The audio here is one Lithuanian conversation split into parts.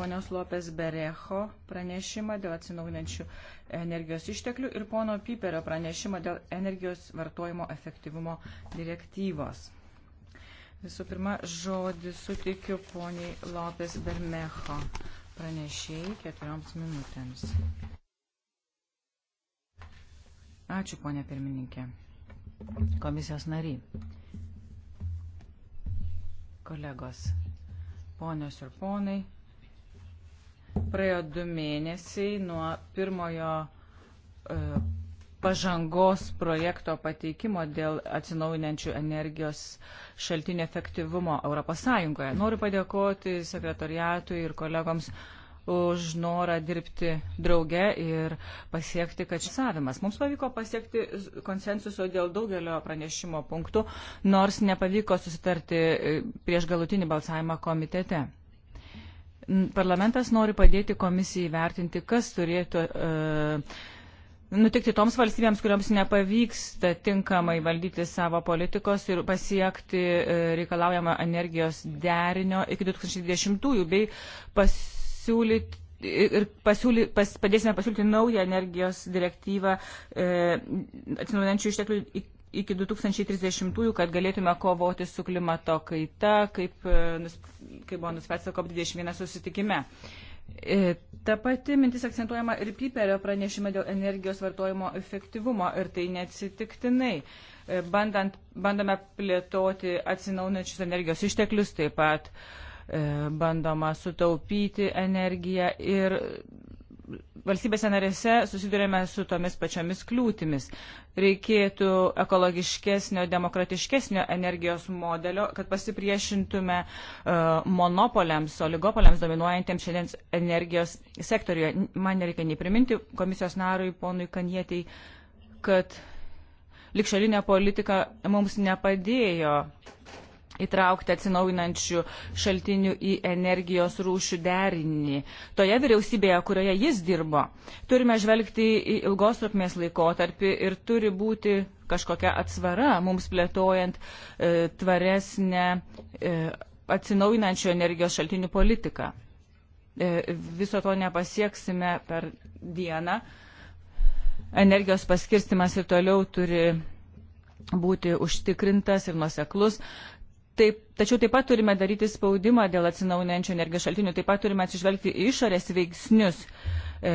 ponios Lopės Berecho pranešimą dėl atsinaujinančių energijos išteklių ir pono Piperio pranešimą dėl energijos vartojimo efektyvumo direktyvos. Visų pirma, žodį sutikiu poniai Lopės Bermecho pranešėjai keturioms minutėms. Ačiū, ponė pirmininkė. Komisijos nariai. Kolegos, ponios ir ponai, Praėjo du mėnesiai nuo pirmojo e, pažangos projekto pateikimo dėl atsinaujinančių energijos šaltinių efektyvumo ES. Noriu padėkoti sekretariatui ir kolegoms už norą dirbti drauge ir pasiekti, kad savimas. Mums pavyko pasiekti konsensuso dėl daugelio pranešimo punktų, nors nepavyko susitarti e, prieš galutinį balsavimą komitete. Parlamentas nori padėti komisijai vertinti, kas turėtų uh, nutikti toms valstybėms, kuriuoms nepavyksta tinkamai valdyti savo politikos ir pasiekti uh, reikalaujamą energijos derinio iki 2020-ųjų, bei pasiūlyti ir pasiūly, pas, padėsime pasiūlyti naują energijos direktyvą e, atsinaujinančių išteklių iki 2030-ųjų, kad galėtume kovoti su klimato kaita, kaip, e, kaip buvo nuspręsta COP21 susitikime. E, ta pati mintis akcentuojama ir Piperio pranešime dėl energijos vartojimo efektyvumo ir tai neatsitiktinai. E, bandant, bandome plėtoti atsinaunančius energijos išteklius, taip pat bandoma sutaupyti energiją ir valstybėse narėse susidurėme su tomis pačiomis kliūtimis. Reikėtų ekologiškesnio, demokratiškesnio energijos modelio, kad pasipriešintume uh, monopoliams, oligopoliams dominuojantiems šiandien energijos sektoriuje. Man nereikia nei priminti komisijos narui, ponui Kanietiai, kad likšalinė politika mums nepadėjo įtraukti atsinaujinančių šaltinių į energijos rūšių derinį. Toje vyriausybėje, kurioje jis dirbo, turime žvelgti į ilgos trukmės laikotarpį ir turi būti kažkokia atsvara mums plėtojant e, tvaresnę e, atsinaujinančių energijos šaltinių politiką. E, viso to nepasieksime per dieną. Energijos paskirstimas ir toliau turi būti užtikrintas ir nuseklus, Taip, tačiau taip pat turime daryti spaudimą dėl atsinaujančių energijos šaltinių, taip pat turime atsižvelgti išorės veiksnius, e,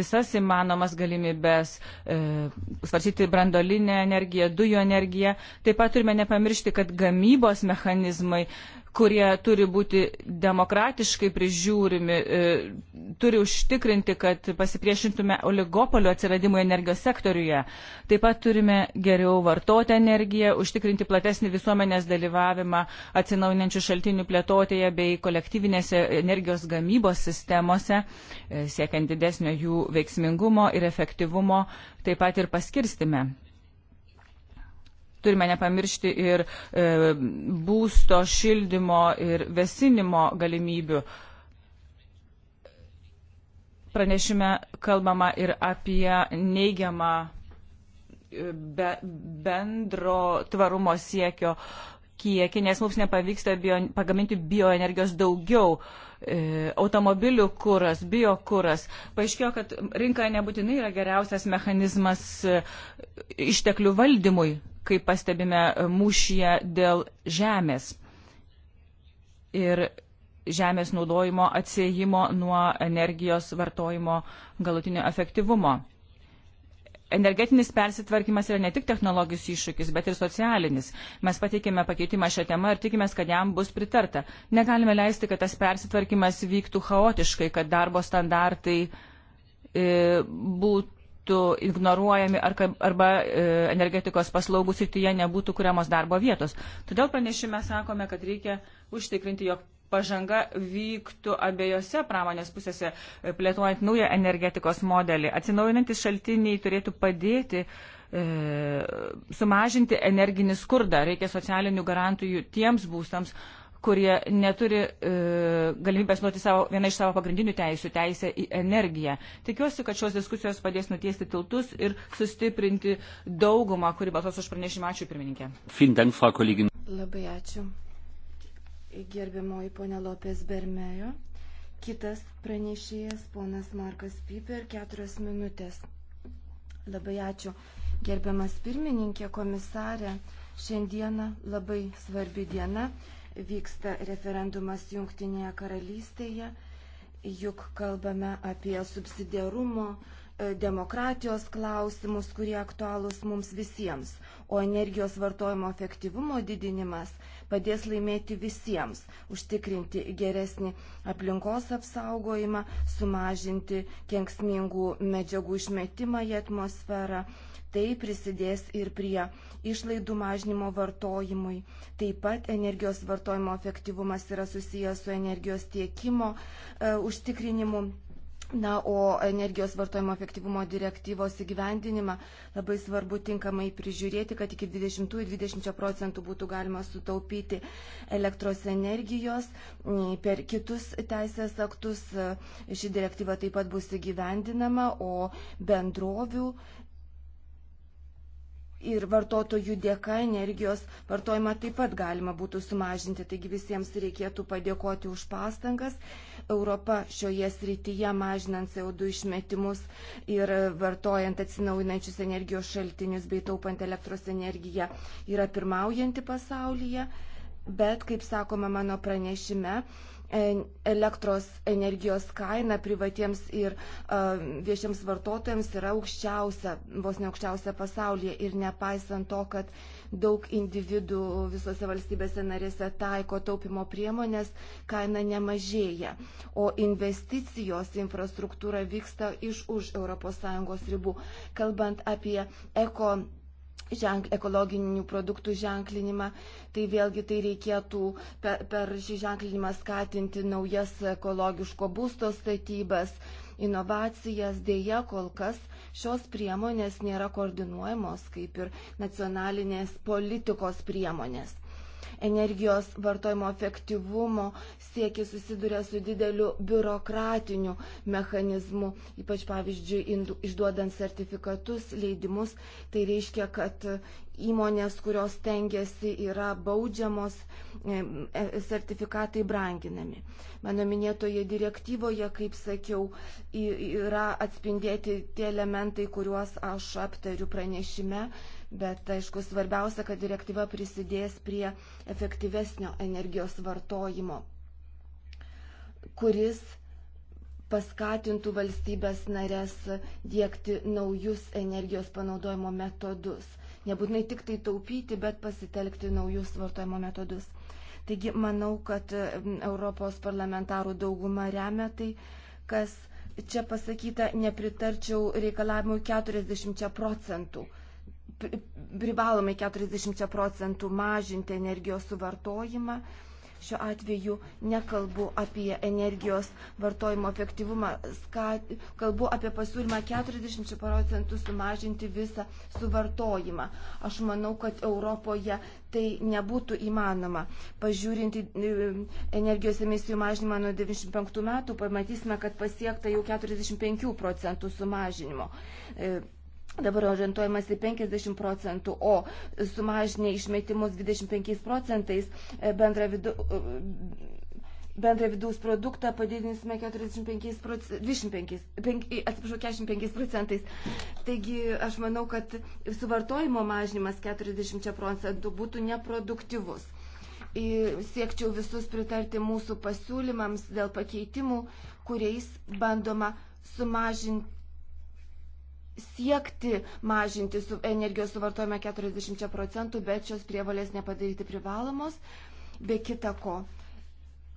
visas įmanomas galimybės, e, svarsyti brandolinę energiją, dujų energiją. Taip pat turime nepamiršti, kad gamybos mechanizmai kurie turi būti demokratiškai prižiūrimi, e, turi užtikrinti, kad pasipriešintume oligopolio atsiradimui energijos sektoriuje. Taip pat turime geriau vartoti energiją, užtikrinti platesnį visuomenės dalyvavimą atsinaujinančių šaltinių plėtotėje bei kolektyvinėse energijos gamybos sistemose, e, siekiant didesnio jų veiksmingumo ir efektyvumo, taip pat ir paskirstime turime nepamiršti ir e, būsto, šildymo ir vesinimo galimybių. Pranešime kalbama ir apie neigiamą e, be, bendro tvarumo siekio e, kiekį, nes mums nepavyksta bio, pagaminti bioenergijos daugiau. E, automobilių kuras, biokuras. Paaiškėjo, kad rinka nebūtinai yra geriausias mechanizmas e, išteklių valdymui, kaip pastebime mūšyje dėl žemės. Ir žemės naudojimo atsiejimo nuo energijos vartojimo galutinio efektyvumo energetinis persitvarkymas yra ne tik technologijos iššūkis, bet ir socialinis. Mes pateikėme pakeitimą šią temą ir tikimės, kad jam bus pritarta. Negalime leisti, kad tas persitvarkymas vyktų chaotiškai, kad darbo standartai e, būtų ignoruojami ar, arba e, energetikos paslaugų srityje nebūtų kuriamos darbo vietos. Todėl pranešime sakome, kad reikia užtikrinti, jog pažanga vyktų abiejose pramonės pusėse, e, plėtojant naują energetikos modelį. Atsinaujinantis šaltiniai turėtų padėti e, sumažinti energinį skurdą. Reikia socialinių garantijų tiems būstams, kurie neturi e, galimybės nuoti savo, vieną iš savo pagrindinių teisų - teisę į energiją. Tikiuosi, kad šios diskusijos padės nutiesti tiltus ir sustiprinti daugumą, kuri balsuos už pranešimą. Ačiū, pirmininkė. Labai ačiū gerbiamoji ponė Lopės Bermejo. Kitas pranešėjas, ponas Markas Piper, keturios minutės. Labai ačiū. Gerbiamas pirmininkė, komisarė, šiandieną labai svarbi diena. Vyksta referendumas Junktinėje karalystėje. Juk kalbame apie subsidiarumo, e, demokratijos klausimus, kurie aktualūs mums visiems. O energijos vartojimo efektyvumo didinimas padės laimėti visiems, užtikrinti geresnį aplinkos apsaugojimą, sumažinti kenksmingų medžiagų išmetimą į atmosferą. Tai prisidės ir prie išlaidų mažinimo vartojimui. Taip pat energijos vartojimo efektyvumas yra susijęs su energijos tiekimo e, užtikrinimu Na, o energijos vartojimo efektyvumo direktyvos įgyvendinimą labai svarbu tinkamai prižiūrėti, kad iki 20-20 procentų būtų galima sutaupyti elektros energijos. Per kitus teisės aktus ši direktyva taip pat bus įgyvendinama, o bendrovių ir vartotojų dėka energijos vartojimą taip pat galima būtų sumažinti. Taigi visiems reikėtų padėkoti už pastangas. Europa šioje srityje mažinant CO2 išmetimus ir vartojant atsinaujinančius energijos šaltinius bei taupant elektros energiją yra pirmaujanti pasaulyje. Bet, kaip sakoma mano pranešime, elektros energijos kaina privatiems ir viešiems vartotojams yra aukščiausia, vos ne aukščiausia pasaulyje ir nepaisant to, kad daug individų visose valstybėse narėse taiko taupimo priemonės, kaina nemažėja, o investicijos infrastruktūra vyksta iš už ES ribų. Kalbant apie eko ženk, ekologinių produktų ženklinimą, tai vėlgi tai reikėtų per, per šį ženklinimą skatinti naujas ekologiško būsto statybas, inovacijas. Deja, kol kas šios priemonės nėra koordinuojamos kaip ir nacionalinės politikos priemonės energijos vartojimo efektyvumo siekis susiduria su dideliu biurokratiniu mechanizmu, ypač pavyzdžiui, išduodant sertifikatus, leidimus. Tai reiškia, kad įmonės, kurios tengiasi, yra baudžiamos, e, e, sertifikatai branginami. Mano minėtoje direktyvoje, kaip sakiau, yra atspindėti tie elementai, kuriuos aš aptariu pranešime. Bet aišku, svarbiausia, kad direktyva prisidės prie efektyvesnio energijos vartojimo, kuris paskatintų valstybės narės dėkti naujus energijos panaudojimo metodus. Nebūtinai tik tai taupyti, bet pasitelkti naujus vartojimo metodus. Taigi manau, kad Europos parlamentarų dauguma remia tai, kas čia pasakyta, nepritarčiau reikalavimui 40 procentų privalomai 40 procentų mažinti energijos suvartojimą. Šiuo atveju nekalbu apie energijos vartojimo efektyvumą, skat, kalbu apie pasiūlymą 40 procentų sumažinti visą suvartojimą. Aš manau, kad Europoje tai nebūtų įmanoma. Pažiūrinti e, energijos emisijų mažinimą nuo 95 metų, pamatysime, kad pasiekta jau 45 procentų sumažinimo. E, dabar orientuojamas į 50 procentų, o sumažinė išmetimus 25 procentais e, bendra vidu, e, bendrą vidaus produktą padidinsime 45 procentais, atsiprašau, 45 procentais. Taigi aš manau, kad suvartojimo mažinimas 40 procentų būtų neproduktyvus. Ir siekčiau visus pritarti mūsų pasiūlymams dėl pakeitimų, kuriais bandoma sumažinti siekti mažinti su energijos suvartojimą 40 procentų, bet šios prievalės nepadaryti privalomos, be kita ko.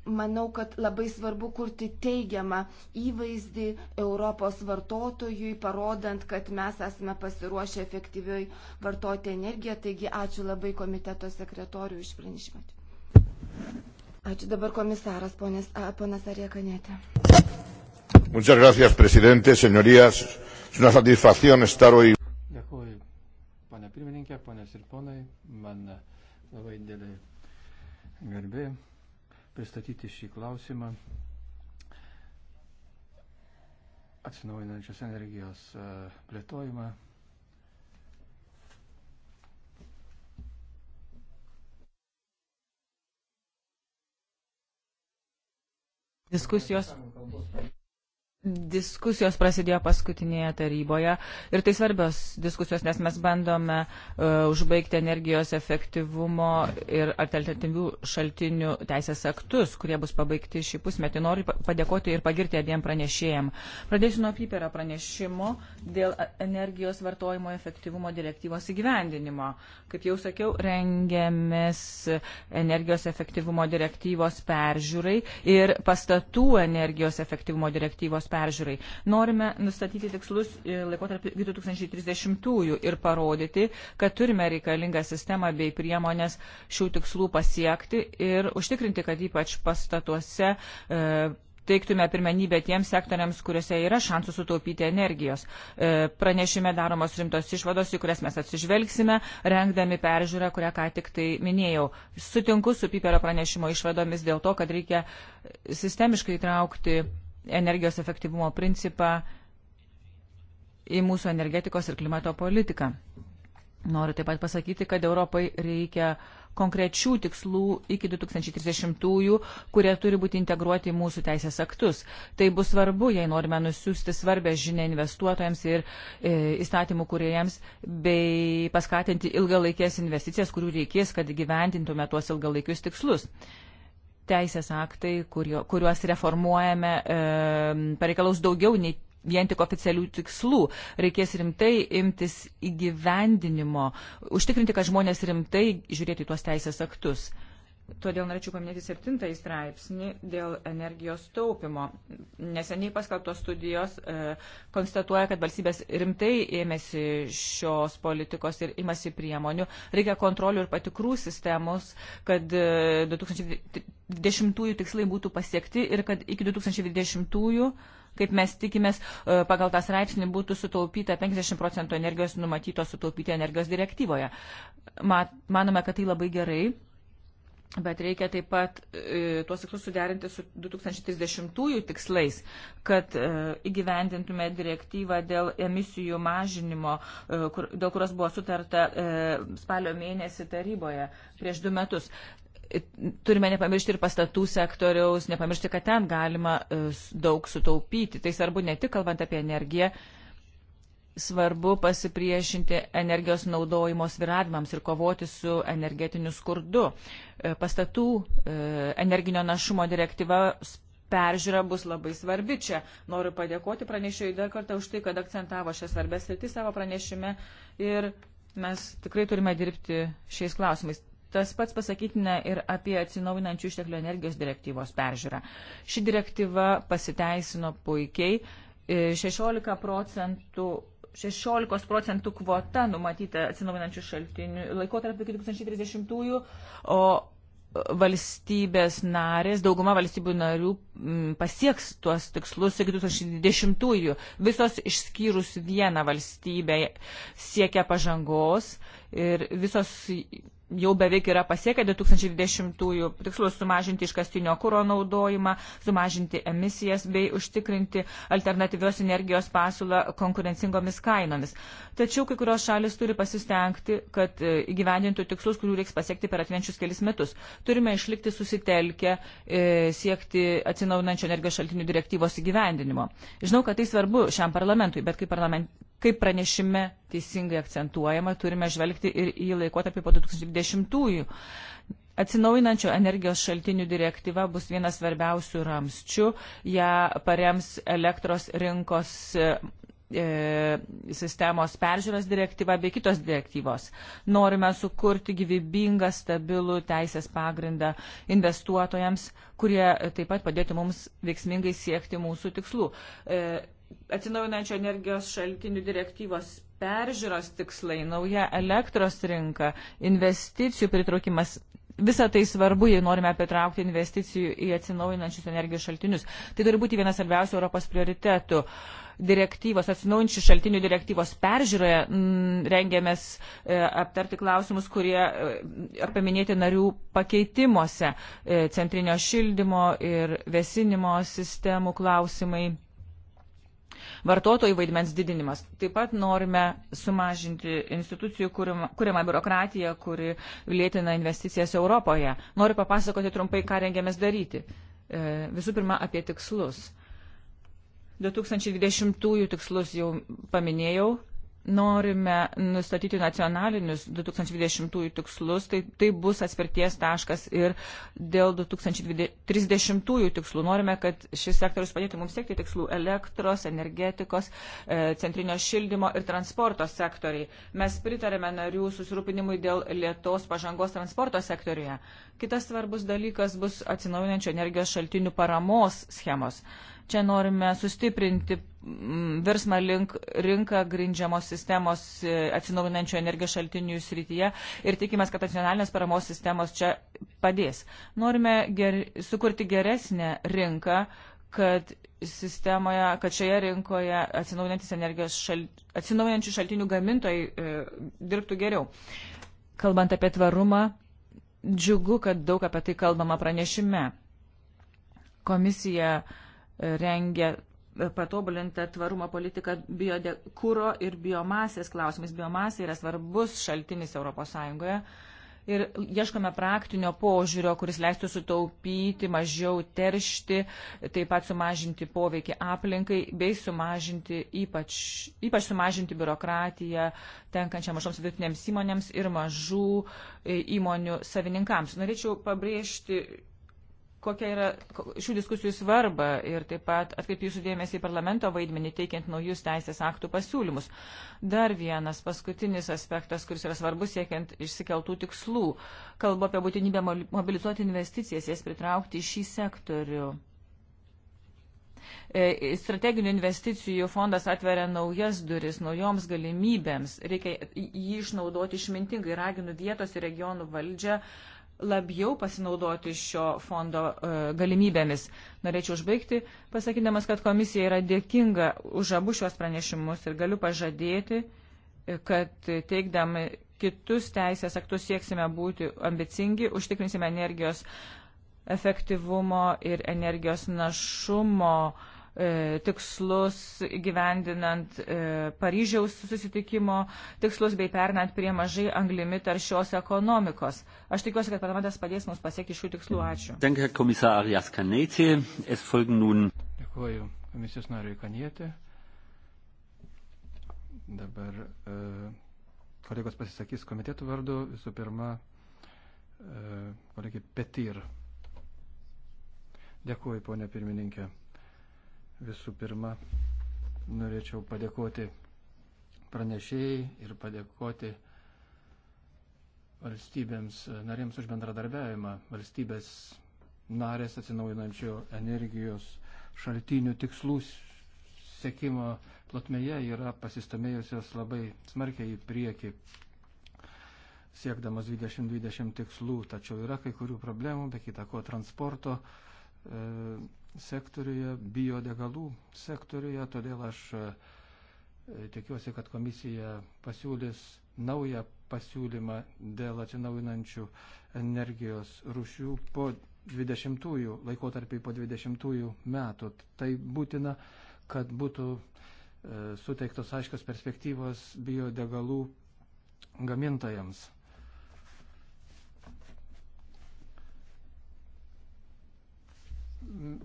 Manau, kad labai svarbu kurti teigiamą įvaizdį Europos vartotojui, parodant, kad mes esame pasiruošę efektyviai vartoti energiją. Taigi ačiū labai komiteto sekretoriui iš pranešimą. Ačiū dabar komisaras, ponas, ponas Ariekanėtė. Muchas gracias, presidente, señorías. Es una satisfacción estar hoy. Dėkuoju, ponia pirmininkė, ponios ir ponai, man labai didelė garbė pristatyti šį klausimą atsinaujinančios energijos e, plėtojimą. Diskusijos diskusijos prasidėjo paskutinėje taryboje ir tai svarbios diskusijos, nes mes bandome uh, užbaigti energijos efektyvumo ir alternatyvių šaltinių teisės aktus, kurie bus pabaigti šį pusmetį. Noriu padėkoti ir pagirti abiem pranešėjim. Pradėsiu nuo Piperio pranešimo dėl e, energijos vartojimo efektyvumo direktyvos įgyvendinimo. Kaip jau sakiau, rengiamės energijos efektyvumo direktyvos peržiūrai ir pastatų energijos efektyvumo direktyvos peržiūrai peržiūrai. Norime nustatyti tikslus e, laikotarpį iki 2030-ųjų ir parodyti, kad turime reikalingą sistemą bei priemonės šių tikslų pasiekti ir užtikrinti, kad ypač pastatuose e, teiktume pirmenybę tiems sektoriams, kuriuose yra šansų sutaupyti energijos. E, pranešime daromos rimtos išvados, į kurias mes atsižvelgsime, rengdami peržiūrą, kurią ką tik tai minėjau. Sutinku su Piperio pranešimo išvadomis dėl to, kad reikia sistemiškai traukti energijos efektyvumo principą į mūsų energetikos ir klimato politiką. Noriu taip pat pasakyti, kad Europai reikia konkrečių tikslų iki 2030-ųjų, kurie turi būti integruoti į mūsų teisės aktus. Tai bus svarbu, jei norime nusiųsti svarbę žinę investuotojams ir e, įstatymų kuriejams, bei paskatinti ilgalaikės investicijas, kurių reikės, kad gyventintume tuos ilgalaikius tikslus teisės aktai, kurio, kuriuos reformuojame, e, pareikalaus daugiau nei vien tik oficialių tikslų. Reikės rimtai imtis įgyvendinimo, užtikrinti, kad žmonės rimtai žiūrėtų į tuos teisės aktus. Todėl norėčiau paminėti septintąjį straipsnį dėl energijos taupimo. Neseniai paskaltos studijos e, konstatuoja, kad valstybės rimtai ėmėsi šios politikos ir imasi priemonių. Reikia kontrolių ir patikrų sistemus, kad e, 2010 tikslai būtų pasiekti ir kad iki 2020 kaip mes tikimės, e, pagal tą straipsnį būtų sutaupyta 50 procentų energijos numatytos sutaupyti energijos direktyvoje. Mat, manome, kad tai labai gerai Bet reikia taip pat e, tuos tikslus suderinti su 2030-ųjų tikslais, kad e, įgyvendintume direktyvą dėl emisijų mažinimo, e, kur, dėl kurios buvo sutarta e, spalio mėnesį taryboje prieš du metus. Turime nepamiršti ir pastatų sektoriaus, nepamiršti, kad ten galima e, daug sutaupyti. Tai svarbu ne tik kalbant apie energiją, e, svarbu pasipriešinti energijos naudojimo sviravimams ir kovoti su energetiniu skurdu. E, pastatų e, energinio našumo direktyva peržiūra bus labai svarbi čia. Noriu padėkoti pranešėjai dar kartą už tai, kad akcentavo šią svarbę sritį savo pranešime ir mes tikrai turime dirbti šiais klausimais. Tas pats pasakytina ir apie atsinaujinančių išteklių energijos direktyvos peržiūrą. Ši direktyva pasiteisino puikiai. 16 e, procentų 16 procentų kvota numatyta atsinaujinančių šaltinių laikotarpį iki 2030-ųjų, o e, valstybės narės, dauguma valstybių narių m, pasieks tuos tikslus iki 2020-ųjų. Visos išskyrus vieną valstybę siekia pažangos ir visos jau beveik yra pasiekę 2020-ųjų tikslus sumažinti iškastinio kūro naudojimą, sumažinti emisijas bei užtikrinti alternatyvios energijos pasiūlą konkurencingomis kainomis. Tačiau kai kurios šalis turi pasistengti, kad e, įgyvendintų tikslus, kurių reiks pasiekti per atvenčius kelis metus. Turime išlikti susitelkę e, siekti atsinaujinančio energijos šaltinių direktyvos įgyvendinimo. Žinau, kad tai svarbu šiam parlamentui, bet kaip parlament, kaip pranešime teisingai akcentuojama, turime žvelgti ir į laikotarpį po 2020-ųjų. Atsinaujinančio energijos šaltinių direktyva bus vienas svarbiausių ramščių. Ja parems elektros rinkos e, e, sistemos peržiūros direktyva bei kitos direktyvos. Norime sukurti gyvybingą, stabilų teisės pagrindą investuotojams, kurie taip pat padėtų mums veiksmingai siekti mūsų tikslų. E, atsinaujinančio energijos šaltinių direktyvos peržiūros tikslai, nauja elektros rinka, investicijų pritraukimas. Visą tai svarbu, jei norime pritraukti investicijų į atsinaujinančius energijos šaltinius. Tai turi būti vienas svarbiausių Europos prioritetų. Direktyvos, atsinaujinčių šaltinių direktyvos peržiūroje m, mm, rengiamės e, aptarti klausimus, kurie e, apaminėti narių pakeitimuose, e, centrinio šildymo ir vesinimo sistemų klausimai vartotojų vaidmens didinimas. Taip pat norime sumažinti institucijų kūrimą biurokratiją, kuri lėtina investicijas Europoje. Noriu papasakoti trumpai, ką rengiamės daryti. E, visų pirma, apie tikslus. 2020 tikslus jau paminėjau, norime nustatyti nacionalinius 2020 tikslus, tai, tai bus atspirties taškas ir dėl 2030 tikslų. Norime, kad šis sektorius padėtų mums siekti tikslų elektros, energetikos, e, centrinio šildymo ir transporto sektoriai. Mes pritarėme narių susirūpinimui dėl lietos pažangos transporto sektoriuje. Kitas svarbus dalykas bus atsinaujinančio energijos šaltinių paramos schemos. Čia norime sustiprinti mm, virsmą link rinką grindžiamos sistemos e, atsinaujinančio energijos šaltinių srityje ir tikimės, kad nacionalinės paramos sistemos čia padės. Norime ger, sukurti geresnę rinką, kad sistemoje, kad šioje rinkoje šal, atsinaujinančių šaltinių gamintojai e, dirbtų geriau. Kalbant apie tvarumą, džiugu, kad daug apie tai kalbama pranešime. Komisija e, rengia e, patobulintą tvarumo politiką biodekūro ir biomasės klausimais. Biomasė yra svarbus šaltinis ES ir ieškome praktinio požiūrio, kuris leistų sutaupyti, mažiau teršti, taip pat sumažinti poveikį aplinkai, bei sumažinti ypač, ypač sumažinti biurokratiją tenkančią mažoms vidutinėms įmonėms ir mažų e, įmonių savininkams. Norėčiau pabrėžti kokia yra šių diskusijų svarba ir taip pat atkreip jūsų dėmesį į parlamento vaidmenį teikiant naujus teisės aktų pasiūlymus. Dar vienas paskutinis aspektas, kuris yra svarbus siekiant išsikeltų tikslų. Kalbu apie būtinybę mobilizuoti investicijas, jas pritraukti į šį sektorių. E, strateginių investicijų fondas atveria naujas duris, naujoms galimybėms. Reikia jį išnaudoti išmintingai, raginu vietos ir regionų valdžią labiau pasinaudoti šio fondo e, galimybėmis. Norėčiau užbaigti, pasakydamas, kad komisija yra dėkinga už abu šios pranešimus ir galiu pažadėti, e, kad teikdami kitus teisės aktus sieksime būti ambicingi, užtikrinsime energijos efektyvumo ir energijos našumo uh, E, tikslus gyvendinant e, Paryžiaus susitikimo tikslus bei pernant prie mažai anglimi taršios ekonomikos. Aš tikiuosi, kad parlamentas padės mums pasiekti šių tikslų. Ačiū. Dėkuoju komisijos nariui Kanietė. Dabar e, kolegos pasisakys komitetų vardu. Visų pirma, e, kolegė Petir. Dėkuoju, ponė pirmininkė. Visų pirma, norėčiau padėkoti pranešėjai ir padėkoti valstybėms narėms už bendradarbiavimą. Valstybės narės atsinaujinančių energijos šaltinių tikslų sekimo plotmėje yra pasistumėjusios labai smarkiai į priekį siekdamas 2020 tikslų, tačiau yra kai kurių problemų, be kita ko transporto e, sektoriuje, biodegalų sektoriuje, todėl aš e, tikiuosi, kad komisija pasiūlys naują pasiūlymą dėl atsinaujinančių energijos rušių po 20-ųjų laikotarpį po 20-ųjų metų. Tai būtina, kad būtų e, suteiktos aiškios perspektyvos biodegalų gamintojams. M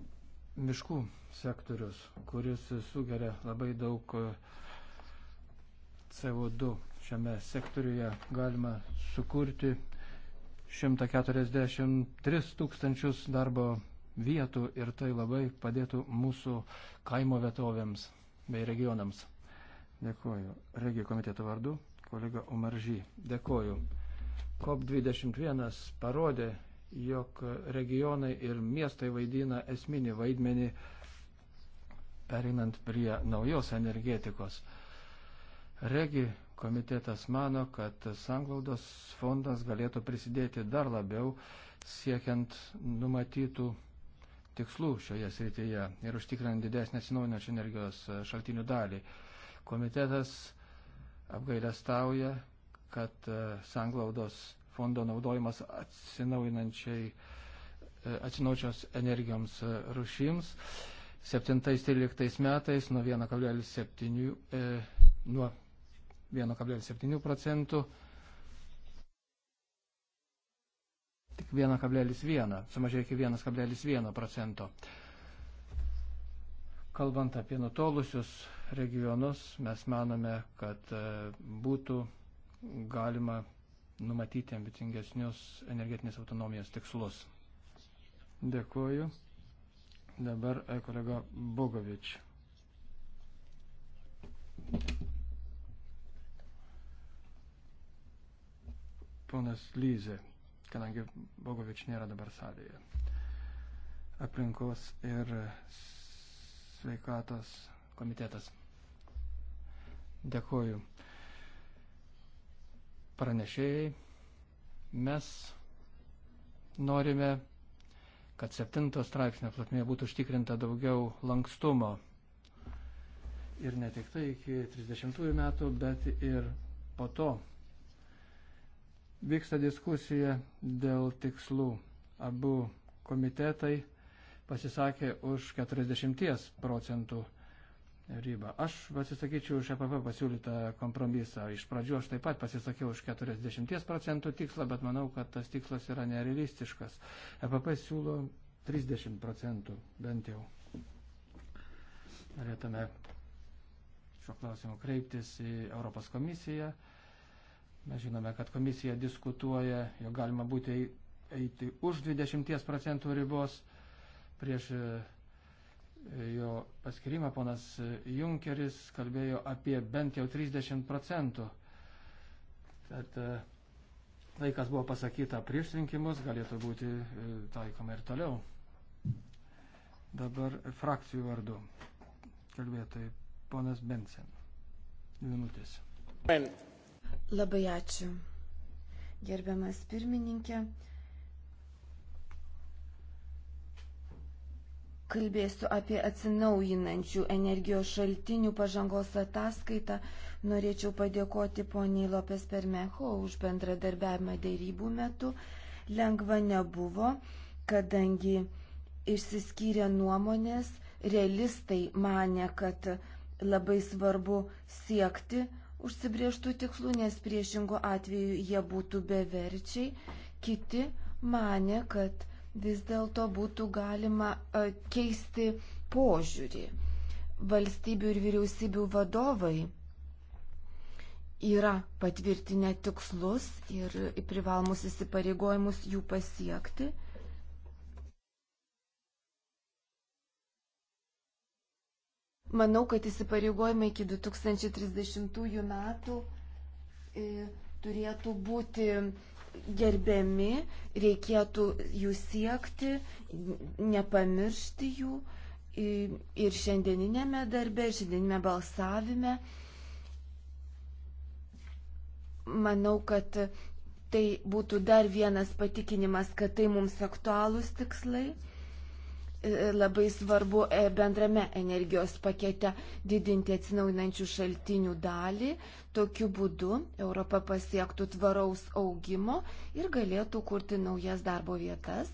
miškų sektorius, kuris sugeria labai daug e, CO2 šiame sektoriuje galima sukurti 143 tūkstančius darbo vietų ir tai labai padėtų mūsų kaimo vietovėms bei regionams. Dėkuoju. Regijų komiteto vardu kolega Omaržy. Dėkuoju. COP21 parodė, jog regionai ir miestai vaidina esminį vaidmenį perinant prie naujos energetikos. Regi komitetas mano, kad sanglaudos fondas galėtų prisidėti dar labiau siekiant numatytų tikslų šioje srityje ir užtikrinant didesnę atsinaujinančių energijos šaltinių dalį. Komitetas apgailestauja, kad sanglaudos fondo naudojimas atsinaujinančiai e, atsinaučios energijoms e, rušims. 7-13 metais nuo 1,7 e, nuo 1,7 procentų tik 1,1, sumažėjo iki 1,1 procento. Kalbant apie nutolusius regionus, mes manome, kad būtų galima numatyti ambicingesnius energetinės autonomijos tikslus. Dėkuoju. Dabar e, kolega Bogovič. Ponas Lyze, kadangi Bogovič nėra dabar salėje. Aplinkos ir sveikatos komitetas. Dėkuoju pranešėjai, mes norime, kad septinto straipsnio platmėje būtų užtikrinta daugiau lankstumo. Ir ne tik tai iki 30 metų, bet ir po to. Vyksta diskusija dėl tikslų. Abu komitetai pasisakė už 40 procentų ribą. Aš pasisakyčiau už EPP pasiūlytą kompromisą. Iš pradžių aš taip pat pasisakiau už 40 procentų tikslą, bet manau, kad tas tikslas yra nerealistiškas. EPP siūlo 30 procentų bent jau. Norėtume šiuo klausimu kreiptis į Europos komisiją. Mes žinome, kad komisija diskutuoja, jo galima būti eiti už 20 procentų ribos prieš jo paskirimą, ponas Junkeris kalbėjo apie bent jau 30 procentų. Tad tai, e, kas buvo pasakyta prieš rinkimus, galėtų būti e, taikoma ir toliau. Dabar frakcijų vardu. Kalbėtojai, ponas Bensen. Dvi minutės. Ben. Labai ačiū. Gerbiamas pirmininkė, kalbėsiu apie atsinaujinančių energijos šaltinių pažangos ataskaitą. Norėčiau padėkoti poniai Lopes Permeho už bendradarbiavimą dėrybų metu. Lengva nebuvo, kadangi išsiskyrė nuomonės, realistai mane, kad labai svarbu siekti užsibrieštų tikslų, nes priešingų atveju jie būtų beverčiai. Kiti mane, kad vis dėlto būtų galima e, keisti požiūrį. Valstybių ir vyriausybių vadovai yra patvirtinę tikslus ir privalomus įsipareigojimus jų pasiekti. Manau, kad įsipareigojimai iki 2030 metų e, turėtų būti gerbiami, reikėtų jų siekti, nepamiršti jų ir šiandieninėme darbe, ir šiandieninėme balsavime. Manau, kad tai būtų dar vienas patikinimas, kad tai mums aktualūs tikslai labai svarbu e, bendrame energijos pakete didinti atsinaujinančių šaltinių dalį. Tokiu būdu Europa pasiektų tvaraus augimo ir galėtų kurti naujas darbo vietas,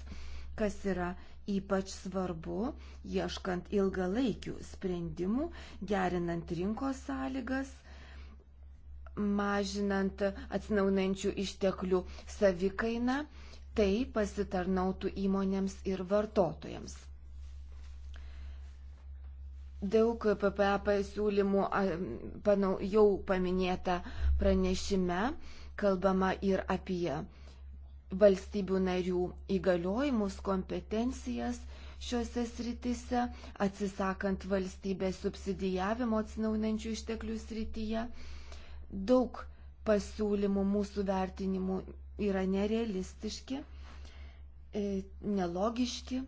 kas yra ypač svarbu, ieškant ilgalaikių sprendimų, gerinant rinkos sąlygas mažinant atsinaunančių išteklių savikainą, tai pasitarnautų įmonėms ir vartotojams. Daug PPA pasiūlymų panau, jau paminėta pranešime, kalbama ir apie valstybių narių įgaliojimus, kompetencijas šiuose sritise, atsisakant valstybės subsidijavimo atsinaunančių išteklių srityje. Daug pasiūlymų mūsų vertinimų yra nerealistiški, e, nelogiški.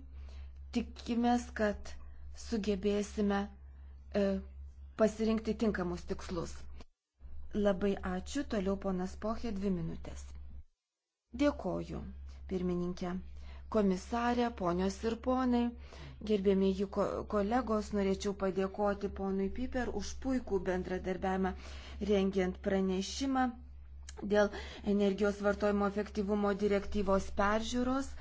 Tikimės, kad sugebėsime e, pasirinkti tinkamus tikslus. Labai ačiū, toliau ponas Pohė, dvi minutės. Dėkoju, pirmininkė. Komisarė, ponios ir ponai, gerbėmėji kolegos, norėčiau padėkoti ponui Piper už puikų bendradarbiavimą rengiant pranešimą dėl energijos vartojimo efektyvumo direktyvos peržiūros.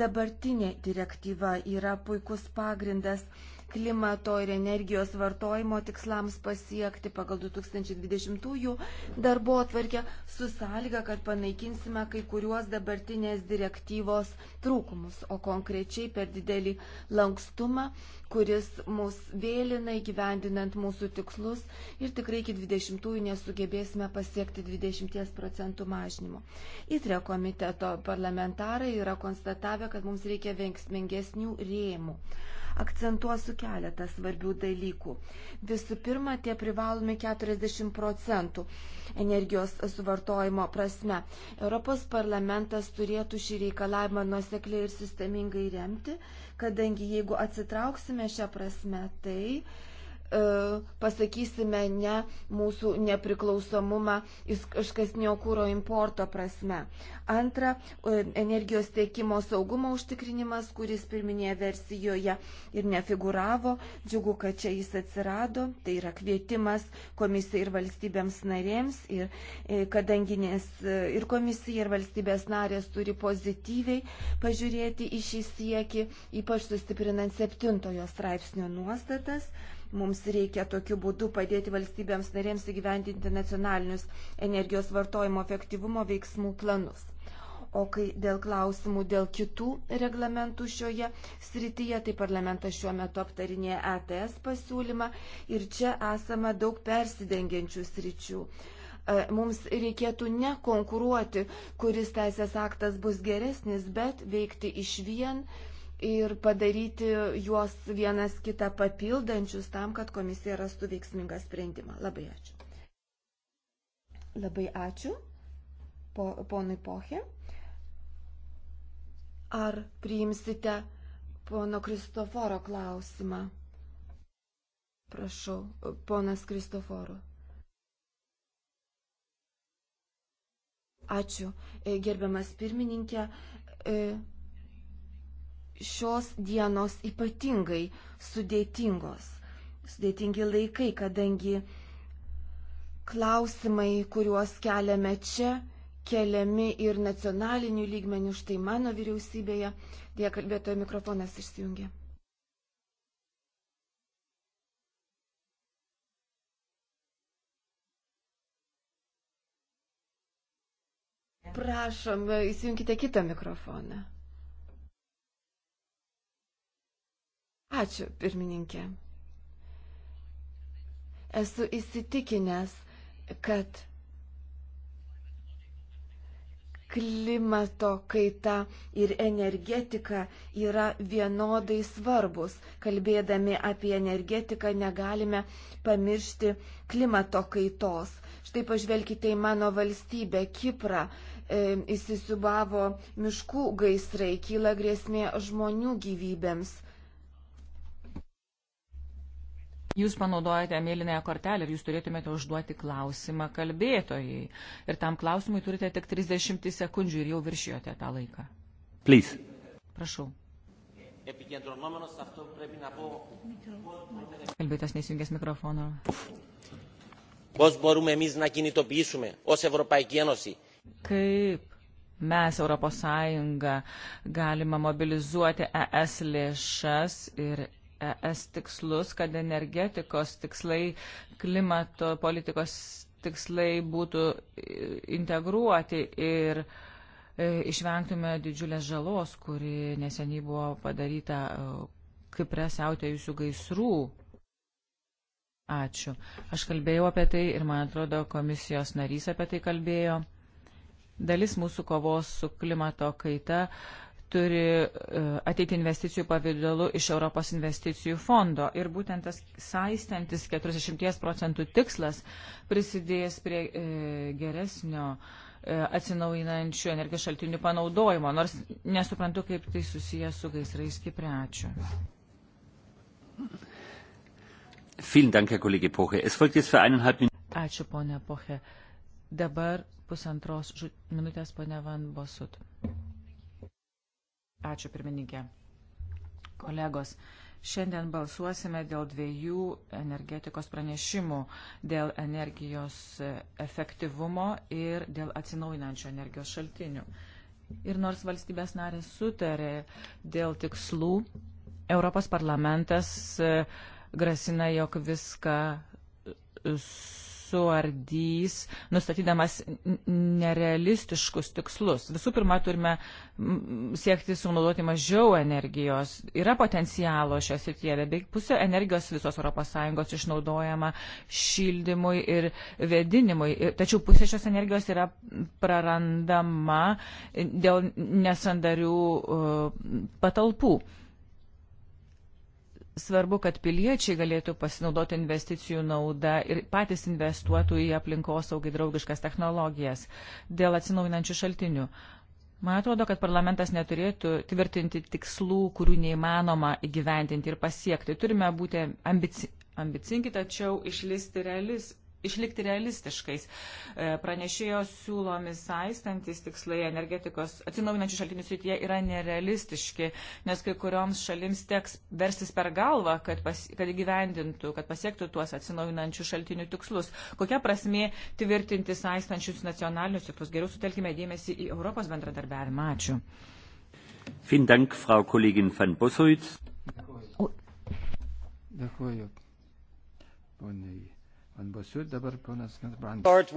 Dabartinė direktyva yra puikus pagrindas klimato ir energijos vartojimo tikslams pasiekti pagal 2020-ųjų darbo atvarkę su sąlyga, kad panaikinsime kai kuriuos dabartinės direktyvos trūkumus, o konkrečiai per didelį lankstumą kuris mus vėlina įgyvendinant mūsų tikslus ir tikrai iki 20-ųjų nesugebėsime pasiekti 20 procentų mažinimo. Įtrio komiteto parlamentarai yra konstatavę, kad mums reikia veiksmingesnių rėmų. Akcentuosiu keletą svarbių dalykų. Visų pirma, tie privalomi 40 procentų energijos suvartojimo prasme. Europos parlamentas turėtų šį reikalavimą nuosekliai ir sistemingai remti kadangi jeigu atsitrauksime šią prasme, tai E, pasakysime ne mūsų nepriklausomumą iškasnio kūro importo prasme. Antra, e, energijos tiekimo saugumo užtikrinimas, kuris pirminėje versijoje ir nefiguravo. Džiugu, kad čia jis atsirado. Tai yra kvietimas komisijai ir valstybėms narėms. Ir, e, kadangi nes ir komisija, ir valstybės narės turi pozityviai pažiūrėti į šį siekį, ypač sustiprinant septintojo straipsnio nuostatas. Mums reikia tokiu būdu padėti valstybėms narėms įgyvendinti nacionalinius energijos vartojimo efektyvumo veiksmų planus. O kai dėl klausimų dėl kitų reglamentų šioje srityje, tai parlamentas šiuo metu aptarinėja ETS pasiūlymą ir čia esama daug persidengiančių sričių. E, mums reikėtų nekonkuruoti, kuris teisės aktas bus geresnis, bet veikti iš vien, ir padaryti juos vienas kitą papildančius tam, kad komisija rastų veiksmingą sprendimą. Labai ačiū. Labai ačiū po, ponui Pohė. Ar priimsite pono Kristoforo klausimą? Prašau, ponas Kristoforo. Ačiū, gerbiamas pirmininkė. E, šios dienos ypatingai sudėtingos, sudėtingi laikai, kadangi klausimai, kuriuos keliame čia, keliami ir nacionalinių lygmenių, štai mano vyriausybėje, dėja kalbėtojo mikrofonas išsijungė. Prašom, įsijunkite kitą mikrofoną. Ačiū, pirmininkė. Esu įsitikinęs, kad klimato kaita ir energetika yra vienodai svarbus. Kalbėdami apie energetiką negalime pamiršti klimato kaitos. Štai pažvelkite į mano valstybę, Kiprą. E, įsisubavo miškų gaisrai, kyla grėsmė žmonių gyvybėms. Jūs panaudojate mėlynąją kortelę ir jūs turėtumėte užduoti klausimą kalbėtojai. Ir tam klausimui turite tik 30 sekundžių ir jau viršijote tą laiką. Please. Prašau. Kalbėtas nesijungęs mikrofono. Πώς μπορούμε εμείς να κινητοποιήσουμε ως Ευρωπαϊκή Ένωση. Kaip mes, Europos Sąjunga, galima mobilizuoti ES lėšas ir ES tikslus, kad energetikos tikslai, klimato politikos tikslai būtų integruoti ir e, išvengtume didžiulės žalos, kuri neseniai buvo padaryta e, Kipre siautėjusių gaisrų. Ačiū. Aš kalbėjau apie tai ir, man atrodo, komisijos narys apie tai kalbėjo. Dalis mūsų kovos su klimato kaita uh, turi e, ateiti investicijų pavydalu iš Europos investicijų fondo. Ir būtent tas saistantis 40 procentų tikslas prisidės prie e, geresnio e, atsinaujinančių energijos šaltinių panaudojimo, nors nesuprantu, kaip tai susijęs su gaisrais Kiprė. Ačiū. Ačiū, ponė Poche. Dabar pusantros minutės, ponė Van Bosut. Ačiū pirmininkė. Kolegos, šiandien balsuosime dėl dviejų energetikos pranešimų - dėl energijos efektyvumo ir dėl atsinaujinančio energijos šaltinių. Ir nors valstybės narės sutarė dėl tikslų, Europos parlamentas e, grasina, jog viską suardys, nustatydamas nerealistiškus tikslus. Visų pirma, turime siekti sunaudoti mažiau energijos. Yra potencialo šios srityje, beveik pusė energijos visos ES išnaudojama šildymui ir vėdinimui. Tačiau pusė šios energijos yra prarandama dėl nesandarių e, patalpų. Svarbu, kad piliečiai galėtų pasinaudoti investicijų naudą ir patys investuotų į aplinkosaugai draugiškas technologijas dėl atsinaujinančių šaltinių. Man atrodo, kad parlamentas neturėtų tvirtinti tikslų, kurių neįmanoma įgyvendinti ir pasiekti. Turime būti ambici ambicingi, tačiau išlisti realis, išlikti realistiškais. E, pranešėjo siūlomi saistantis tikslai energetikos atsinaujinančių šaltinių srityje yra nerealistiški, nes kai kurioms šalims teks versis per galvą, kad, pas, kad įgyvendintų, kad pasiektų tuos atsinaujinančių šaltinių tikslus. Kokia prasme tvirtinti saistančius nacionalinius tikslus? Geriau sutelkime dėmesį į Europos bendradarbiavimą. Ačiū. Vielen Dank, Frau Kollegin van Bossuit. Dėkuoju. Dėkuoju. Poniai. Bosiu, dabar ponas Gansbrandas.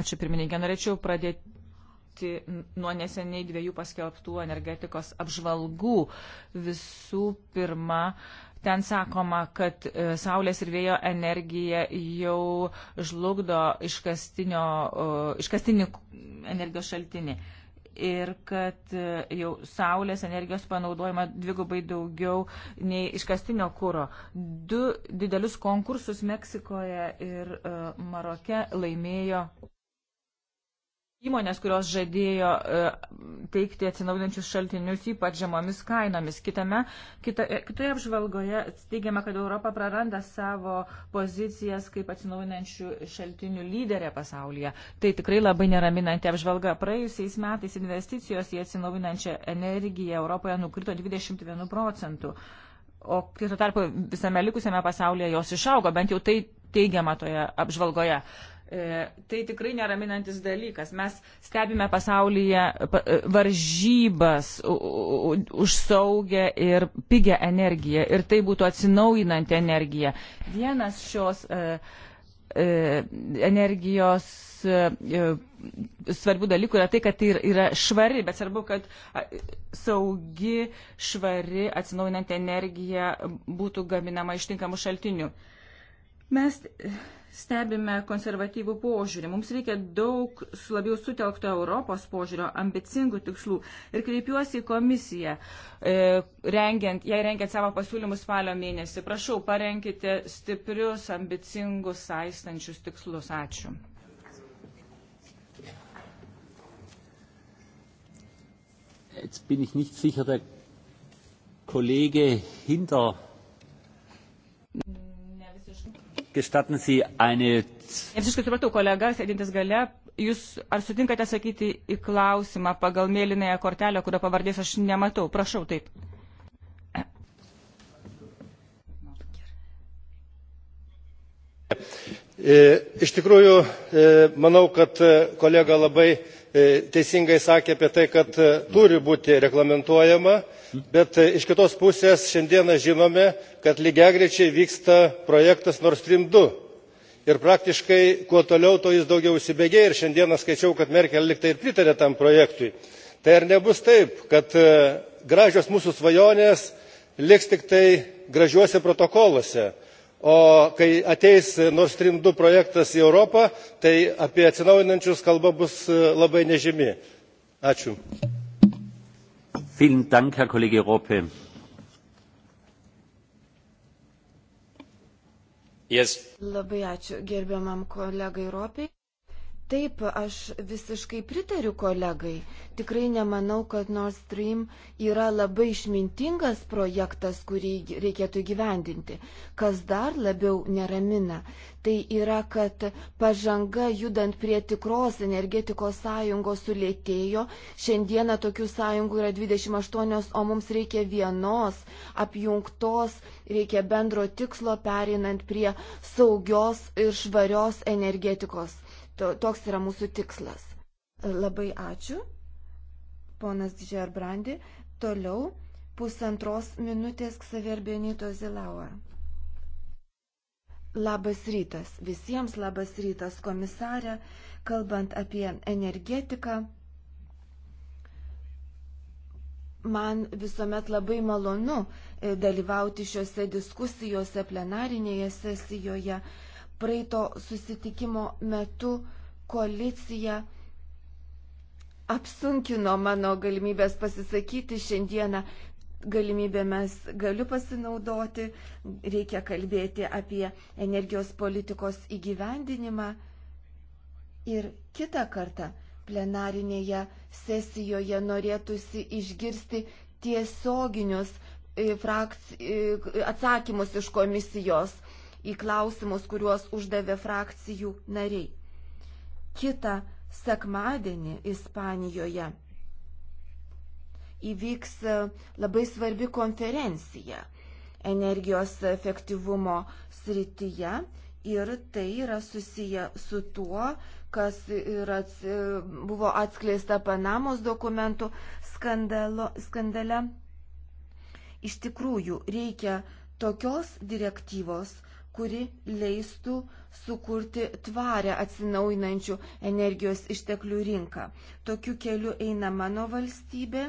Ačiū pirmininkė, norėčiau pradėti nuo neseniai dviejų paskelbtų energetikos apžvalgų. Visų pirma, ten sakoma, kad e, saulės ir vėjo energija jau žlugdo iškastinį energijos šaltinį ir kad e, jau saulės energijos panaudojama dvigubai daugiau nei iškastinio kūro. Du didelius konkursus Meksikoje ir e, Maroke laimėjo Įmonės, kurios žadėjo e, teikti atsinaudinančius šaltinius ypač žemomis kainomis. Kitame, kita, e, kitoje apžvalgoje teigiama, kad Europa praranda savo pozicijas kaip atsinaudinančių šaltinių lyderė pasaulyje. Tai tikrai labai neraminanti apžvalga. Praėjusiais metais investicijos į atsinaudinančią energiją Europoje nukrito 21 procentų. O tuo tarpu visame likusiame pasaulyje jos išaugo, bent jau tai teigiama toje apžvalgoje. Uh, E, tai tikrai neraminantis dalykas. Mes stebime pasaulyje e, varžybas už saugę ir pigę energiją. Ir tai būtų atsinaujinanti energija. Vienas šios e, energijos svarbių dalykų yra tai, kad tai yra švari, bet svarbu, kad saugi, švari, atsinaujinanti energija būtų gaminama iš tinkamų šaltinių. Mes stebime konservatyvų požiūrį. Mums reikia daug labiau sutelkto Europos požiūrio, ambicingų tikslų. Ir kreipiuosi į komisiją, e, rengiant, jei rengiant savo pasiūlymus spalio mėnesį. Prašau, parenkite stiprius, ambicingus, saistančius tikslus. Ačiū. Jetzt bin ich nicht sicher, der Kollege hinter Gestatten Sie eine. Visiškai supratau, kolega, sėdintis gale, jūs ar sutinkate sakyti į klausimą pagal mėlynąją kortelę, kurio pavardės aš nematau? Prašau, taip. E, iš tikrųjų e, manau kad e, kolega labai teisingai sakė apie tai kad turi būti reglamentuojama bet iš kitos pusės šiandieną žinome kad lygiagrečiai vyksta projektas nord stream du ir praktiškai kuo toliau tuo jis daugiau įsibėgėja ir šiandieną skaičiau kad merkel lyg tai ir pritarė tam projektui. tai ar nebus taip kad gražios mūsų svajonės liks tik tai gražiuose protokoluose? o kai ateis nord stream du projektas į europą tai apie atsinaujinančius kalba bus e, labai nežymi. ačiū. Dank, herr kollege rope. Yes. Labai ačiū gerbiamam kolegai Ropiai. Taip, aš visiškai pritariu kolegai. Tikrai nemanau, kad Nord Stream yra labai išmintingas projektas, kurį reikėtų gyvendinti. Kas dar labiau neramina, tai yra, kad pažanga judant prie tikros energetikos sąjungos sulėtėjo. Šiandieną tokių sąjungų yra 28, o mums reikia vienos apjungtos, reikia bendro tikslo perinant prie saugios ir švarios energetikos To, toks yra mūsų tikslas. Labai ačiū, ponas Džerbrandi. Toliau pusantros minutės Ksaverbienito Zilaua. Labas rytas, visiems labas rytas, komisarė, kalbant apie energetiką. Man visuomet labai malonu e, dalyvauti šiuose diskusijose plenarinėje sesijoje praeito susitikimo metu koalicija apsunkino mano galimybės pasisakyti šiandieną. Galimybė mes galiu pasinaudoti, reikia kalbėti apie energijos politikos įgyvendinimą. Ir kitą kartą plenarinėje sesijoje norėtųsi išgirsti tiesioginius e, frakci... E, atsakymus iš komisijos į klausimus, kuriuos uždavė frakcijų nariai. Kita sekmadienį Ispanijoje įvyks e, labai svarbi konferencija energijos efektyvumo srityje ir tai yra susiję su tuo, kas ats, e, buvo atskleista Panamos dokumentų skandalo, skandale. Iš tikrųjų, reikia tokios direktyvos, kuri leistų sukurti tvarę atsinaujinančių energijos išteklių rinką. Tokiu keliu eina mano valstybė.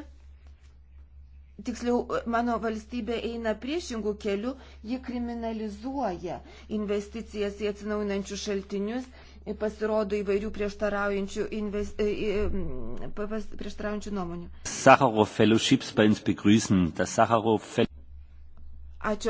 Tiksliau, mano valstybė eina priešingų kelių, ji kriminalizuoja investicijas į atsinaujinančius šaltinius, pasirodo įvairių prieštaraujančių, invest... E, e, prieštaraujančių nuomonių. Ačiū,